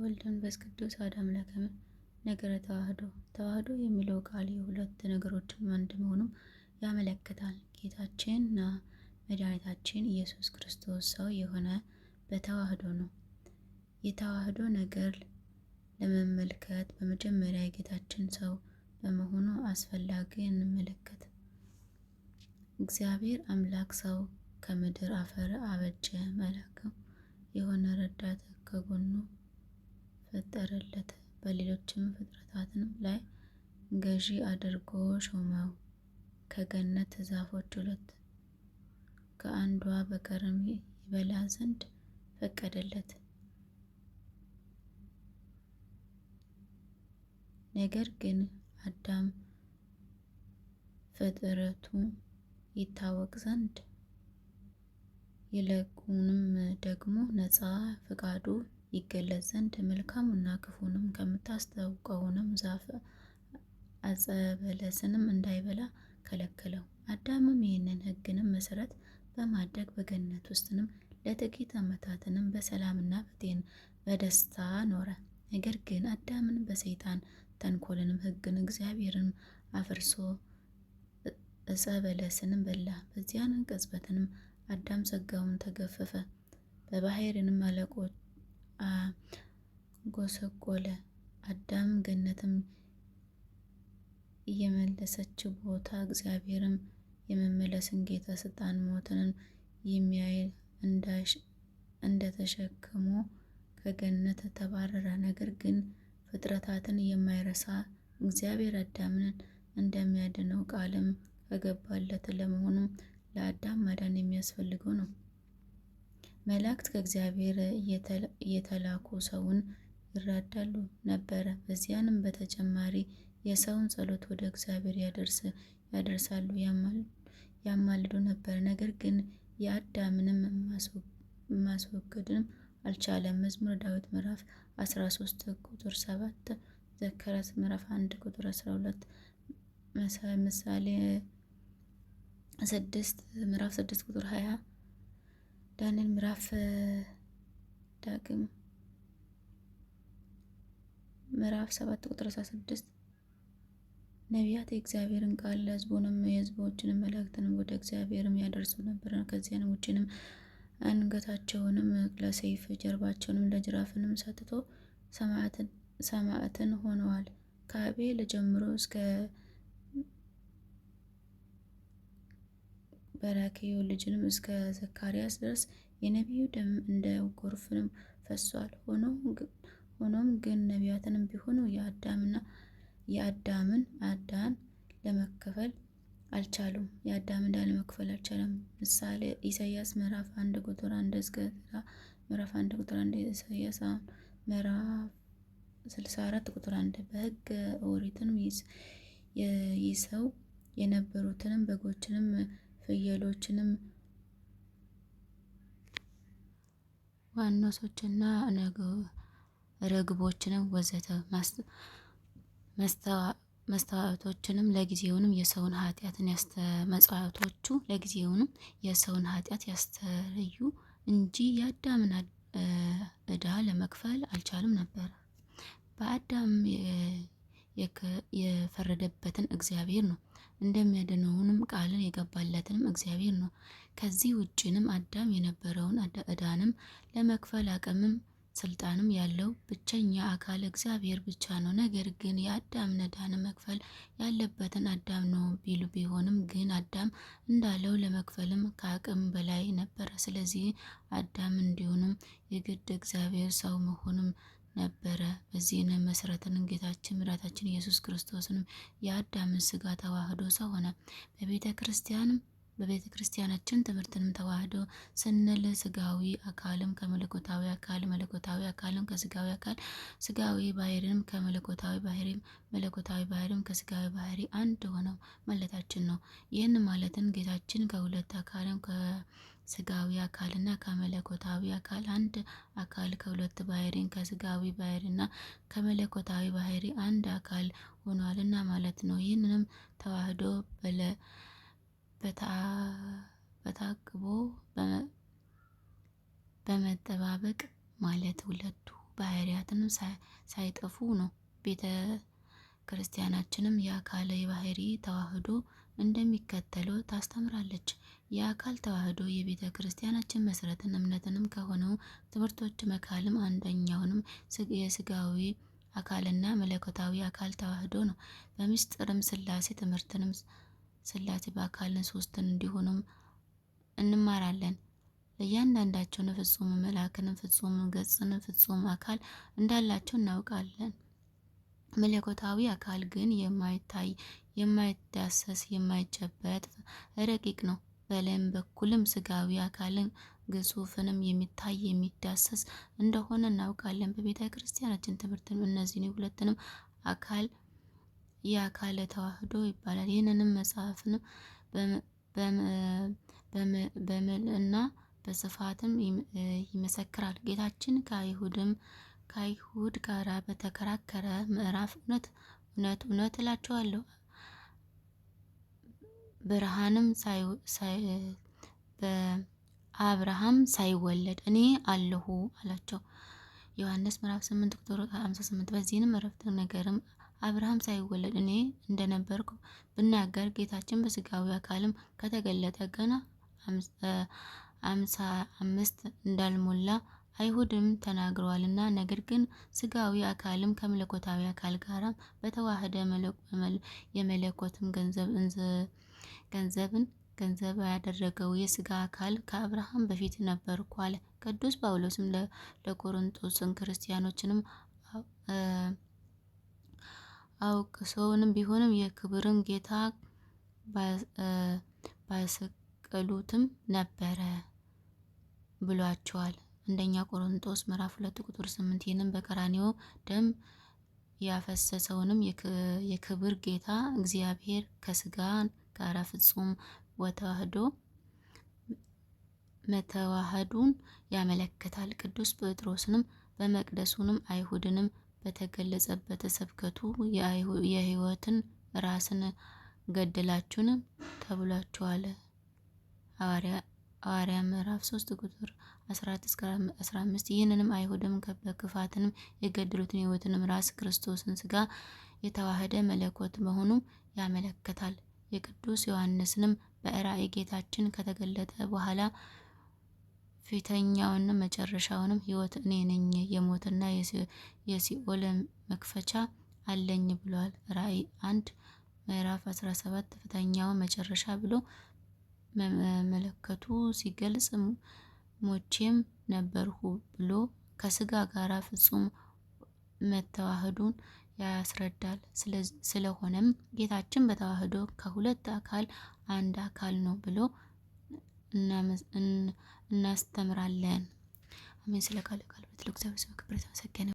ወልድ መንፈስ ቅዱስ አሐዱ አምላክ አሜን። ነገረ ተዋህዶ ተዋህዶ የሚለው ቃል የሁለት ነገሮችን አንድ መሆኑም ያመለክታል። ጌታችንና መድኃኒታችን ኢየሱስ ክርስቶስ ሰው የሆነ በተዋህዶ ነው። የተዋህዶ ነገር ለመመልከት በመጀመሪያ ጌታችን ሰው በመሆኑ አስፈላጊ እንመለከት። እግዚአብሔር አምላክ ሰው ከምድር አፈር አበጀ፣ መልአክም የሆነ ረዳት ከጎኑ ፈጠረለት። በሌሎችም ፍጥረታትም ላይ ገዢ አድርጎ ሾመው። ከገነት ዛፎች ሁለት ከአንዷ በቀርም ይበላ ዘንድ ፈቀደለት። ነገር ግን አዳም ፍጥረቱ ይታወቅ ዘንድ ይለቁንም ደግሞ ነፃ ፈቃዱ ይገለጽ ዘንድ መልካሙና ክፉንም ከምታስታውቀውንም ዛፍ አጸበለስንም እንዳይበላ ከለከለው። አዳምም ይህንን ሕግንም መሰረት በማድረግ በገነት ውስጥንም ለጥቂት ዓመታትንም በሰላምና በጤን በደስታ ኖረ። ነገር ግን አዳምን በሰይጣን ተንኮልንም ሕግን እግዚአብሔርን አፍርሶ እጸበለስንም በላ። በዚያን ቅጽበትንም አዳም ጸጋውን ተገፈፈ። በባሕርንም አለቆች ጎሰቆለ። አዳም ገነትም የመለሰችው ቦታ እግዚአብሔርም የመመለስን ጌታ ስልጣን ሞትንም የሚያይ እንደተሸክሞ ከገነት ተባረረ። ነገር ግን ፍጥረታትን የማይረሳ እግዚአብሔር አዳምን እንደሚያድነው ቃልም ከገባለት ለመሆኑ ለአዳም ማዳን የሚያስፈልገው ነው። መላእክት ከእግዚአብሔር የተላኩ ሰውን ይራዳሉ ነበረ። በዚያንም በተጨማሪ የሰውን ጸሎት ወደ እግዚአብሔር ያደርሳሉ፣ ያማልዱ ነበር። ነገር ግን የአዳምንም ማስወገድም አልቻለም። መዝሙረ ዳዊት ምዕራፍ 13 ቁጥር 7፣ ዘካርያስ ምዕራፍ 1 ቁጥር 12፣ ምሳሌ 6 ምዕራፍ 6 ቁጥር 20 ዳንኤል ምዕራፍ ዳግም ምዕራፍ ሰባት ቁጥር አስራ ስድስት ነቢያት የእግዚአብሔርን ቃል ለሕዝቡንም የሕዝቦችንም መላእክትንም ወደ እግዚአብሔርም ያደርሱ ነበር። ከዚያን ውጭንም አንገታቸውንም ለሰይፍ ጀርባቸውንም ለጅራፍንም ሰጥቶ ሰማዕትን ሆነዋል ከአቤል ጀምሮ እስከ በራክዩ ልጅንም እስከ ዘካርያስ ድረስ የነቢዩ ደም እንደ ጎርፍንም ፈሷል። ሆኖም ግን ነቢያትንም ቢሆኑ የአዳምና የአዳምን አዳን ለመከፈል አልቻሉም የአዳምን ዕዳ ለመክፈል አልቻለም። ምሳሌ ኢሳያስ ምዕራፍ አንድ ቁጥር አንድ እስከ ምዕራፍ አንድ ቁጥር አንድ ኢሳያስ ምዕራፍ ስልሳ አራት ቁጥር አንድ በሕገ ኦሪትም ይዘው የነበሩትንም በጎችንም ፍየሎችንም ዋኖሶችና ርግቦችንም ወዘተ መስተዋቶችንም ለጊዜውንም የሰውን ኃጢአትን መጽዋቶቹ ለጊዜውንም የሰውን ኃጢአት ያስተርዩ እንጂ የአዳምን እዳ ለመክፈል አልቻሉም ነበር። በአዳም የፈረደበትን እግዚአብሔር ነው እንደሚያድነውንም ቃልን የገባለትንም እግዚአብሔር ነው። ከዚህ ውጭንም አዳም የነበረውን ዕዳንም ለመክፈል አቅምም ስልጣንም ያለው ብቸኛ አካል እግዚአብሔር ብቻ ነው። ነገር ግን የአዳምን ዕዳን መክፈል ያለበትን አዳም ነው ቢሉ ቢሆንም ግን አዳም እንዳለው ለመክፈልም ከአቅም በላይ ነበረ። ስለዚህ አዳም እንዲሆንም የግድ እግዚአብሔር ሰው መሆንም ነበረ። በዚህንም መሰረትን ጌታችን መድኃኒታችን ኢየሱስ ክርስቶስንም የአዳምን ስጋ ተዋህዶ ሰው ሆነ። በቤተ ክርስቲያንም በቤተ ክርስቲያናችን ትምህርትንም ተዋህዶ ስንል ስጋዊ አካልም ከመለኮታዊ አካል፣ መለኮታዊ አካልም ከስጋዊ አካል፣ ስጋዊ ባህሪም ከመለኮታዊ ባህሪ፣ መለኮታዊ ባህሪም ከስጋዊ ባህሪ አንድ ሆነው ማለታችን ነው። ይህን ማለትን ጌታችን ከሁለት አካልም ከስጋዊ አካልና ከመለኮታዊ አካል አንድ አካል ከሁለት ባህሪን ከስጋዊ ባህሪና ከመለኮታዊ ባህሪ አንድ አካል ሆኗልና ማለት ነው። ይህንንም ተዋህዶ በለ በታቅቦ በመጠባበቅ ማለት ሁለቱ ባህሪያትንም ሳይጠፉ ነው። ቤተ ክርስቲያናችንም የአካል የባህሪ ተዋህዶ እንደሚከተለው ታስተምራለች። የአካል ተዋህዶ የቤተ ክርስቲያናችን መሰረትን እምነትንም ከሆነው ትምህርቶች መካልም አንደኛውንም የስጋዊ አካልና መለኮታዊ አካል ተዋህዶ ነው። በምስጢርም ስላሴ ትምህርትንም ስላሴ በአካልን ሶስትን እንዲሆኑም እንማራለን። እያንዳንዳቸውን ፍጹም መልአክን፣ ፍጹም ገጽን፣ ፍጹም አካል እንዳላቸው እናውቃለን። መለኮታዊ አካል ግን የማይታይ፣ የማይዳሰስ፣ የማይጨበጥ ረቂቅ ነው። በላይም በኩልም ስጋዊ አካልን ግጹፍንም የሚታይ የሚዳሰስ እንደሆነ እናውቃለን። በቤተ ክርስቲያናችን ትምህርትም እነዚህን ሁለትንም አካል የአካለ ተዋህዶ ይባላል። ይህንንም በምል እና በስፋትም ይመሰክራል። ጌታችን ከአይሁድም ከአይሁድ ጋር በተከራከረ ምዕራፍ እውነት እውነት እውነት እላቸዋለሁ ብርሃንም አብርሃም ሳይወለድ እኔ አለሁ አላቸው። ዮሐንስ ምዕራፍ 8 ቁጥር 58። በዚህንም እረፍተ ነገርም አብርሃም ሳይወለድ እኔ እንደነበርኩ ብናገር ጌታችን በስጋዊ አካልም ከተገለጠ ገና አምሳ አምስት እንዳልሞላ አይሁድም ተናግረዋልና ነገር ግን ስጋዊ አካልም ከመለኮታዊ አካል ጋር በተዋህደ የመለኮትም ገንዘብን ገንዘብ ያደረገው የስጋ አካል ከአብርሃም በፊት ነበርኩ ቅዱስ ጳውሎስም ለቆሮንቶስን ክርስቲያኖችንም አውቅ ሰውንም ቢሆንም የክብርን ጌታ ባይሰቀሉትም ነበረ ብሏቸዋል። አንደኛ ቆሮንጦስ ምዕራፍ ሁለት ቁጥር ስምንት ይህንም በቀራንዮ ደም ያፈሰሰውንም የክብር ጌታ እግዚአብሔር ከስጋ ጋር ፍጹም ወተዋህዶ መተዋህዱን ያመለክታል። ቅዱስ ጴጥሮስንም በመቅደሱንም አይሁድንም በተገለጸበት ስብከቱ የህይወትን ራስን ገደላችሁን ተብሏችኋል። ሐዋርያ ምዕራፍ 3 ቁጥር 14 እስከ 15 ይህንንም አይሁድም በክፋትንም የገደሉትን የሕይወትንም ራስ ክርስቶስን ስጋ የተዋህደ መለኮት መሆኑ ያመለክታል። የቅዱስ ዮሐንስንም በራእይ ጌታችን ከተገለጠ በኋላ ፊተኛውንም መጨረሻውንም ህይወት እኔ ነኝ የሞትና የሲኦል መክፈቻ አለኝ ብሏል። ራዕይ አንድ ምዕራፍ 17 ሰባት ፊተኛውን መጨረሻ ብሎ መመለከቱ ሲገልጽ ሞቼም ነበርሁ ብሎ ከስጋ ጋር ፍጹም መተዋህዱን ያስረዳል። ስለሆነም ጌታችን በተዋህዶ ከሁለት አካል አንድ አካል ነው ብሎ እናስተምራለን። አሜን። ስለ ቃል ቃል በት ለእግዚአብሔር ስም ክብር የተመሰገነ